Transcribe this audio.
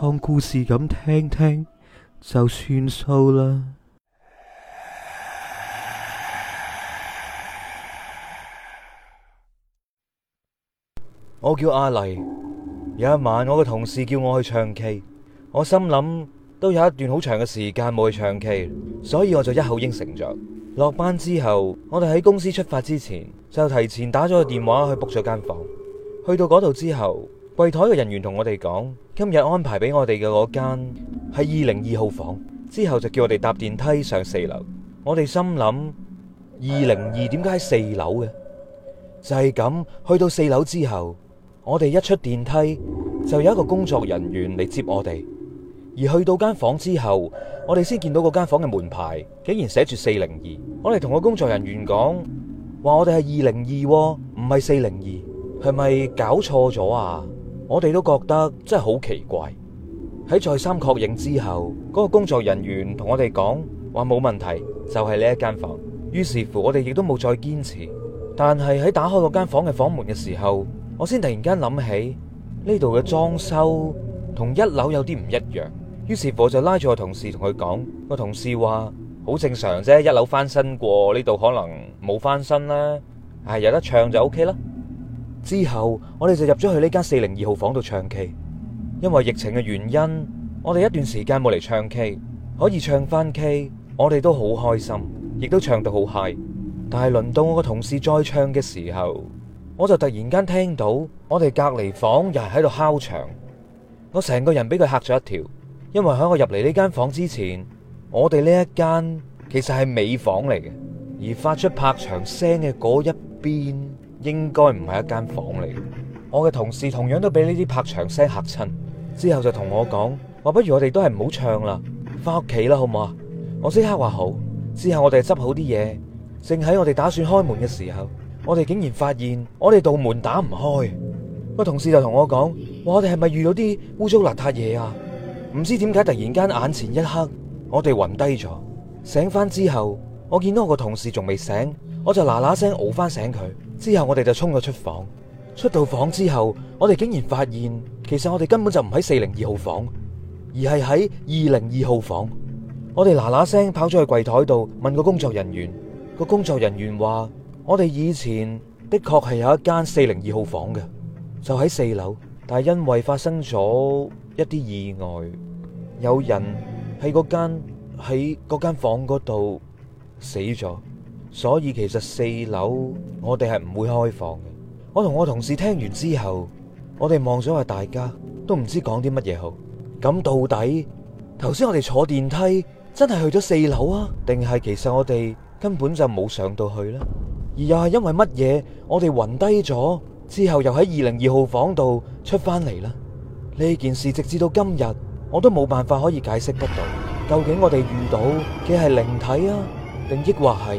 當故事咁聽聽就算數啦。我叫阿麗，有一晚我個同事叫我去唱 K，我心諗都有一段好長嘅時間冇去唱 K，所以我就一口應承咗。落班之後，我哋喺公司出發之前就提前打咗個電話去 book 咗間房。去到嗰度之後，櫃台嘅人員同我哋講，今日安排俾我哋嘅嗰間係二零二號房，之後就叫我哋搭電梯上四樓。我哋心諗二零二點解喺四樓嘅？就係咁去到四樓之後，我哋一出電梯就有一個工作人員嚟接我哋。而去到間房之後，我哋先見到嗰間房嘅門牌，竟然寫住四零二。我哋同個工作人員講話，我哋係二零二，唔係四零二，係咪搞錯咗啊？我哋都覺得真係好奇怪，喺再三確認之後，嗰個工作人員同我哋講話冇問題，就係呢一間房。於是乎，我哋亦都冇再堅持。但係喺打開嗰間房嘅房門嘅時候，我先突然間諗起呢度嘅裝修同一樓有啲唔一樣。於是乎，我就拉住個同事同佢講，個同事話好正常啫，一樓翻身過，呢度可能冇翻身啦。唉，有得唱就 OK 啦。之後我哋就入咗去呢間四零二號房度唱 K，因為疫情嘅原因，我哋一段時間冇嚟唱 K，可以唱翻 K，我哋都好開心，亦都唱到好嗨。但係輪到我個同事再唱嘅時候，我就突然間聽到我哋隔籬房又係喺度敲牆，我成個人俾佢吓咗一跳。因為喺我入嚟呢間房之前，我哋呢一間其實係尾房嚟嘅，而發出拍牆聲嘅嗰一邊。應該唔係一間房嚟。我嘅同事同樣都俾呢啲拍牆聲吓親，之後就同我講話，不如我哋都係唔好唱啦，翻屋企啦，好唔好啊？我即刻話好。之後我哋執好啲嘢，正喺我哋打算開門嘅時候，我哋竟然發現我哋道門打唔開。個同事就同我講話，我哋係咪遇到啲污糟邋遢嘢啊？唔知點解突然間眼前一黑，我哋暈低咗。醒翻之後，我見到我個同事仲未醒，我就嗱嗱聲熬翻醒佢。之後我哋就衝咗出房，出到房之後，我哋竟然發現，其實我哋根本就唔喺四零二號房，而係喺二零二號房。我哋嗱嗱聲跑咗去櫃檯度問個工作人員，個工作人員話：我哋以前的確係有一間四零二號房嘅，就喺四樓，但係因為發生咗一啲意外，有人喺嗰間喺間房嗰度死咗。所以其實四樓我哋係唔會開放嘅。我同我同事聽完之後，我哋望咗下，大家都唔知講啲乜嘢好。咁到底頭先我哋坐電梯真係去咗四樓啊？定係其實我哋根本就冇上到去呢？而又係因為乜嘢我哋暈低咗之後又喺二零二號房度出翻嚟咧？呢件事直至到今日我都冇辦法可以解釋得到。究竟我哋遇到嘅係靈體啊，定抑或係？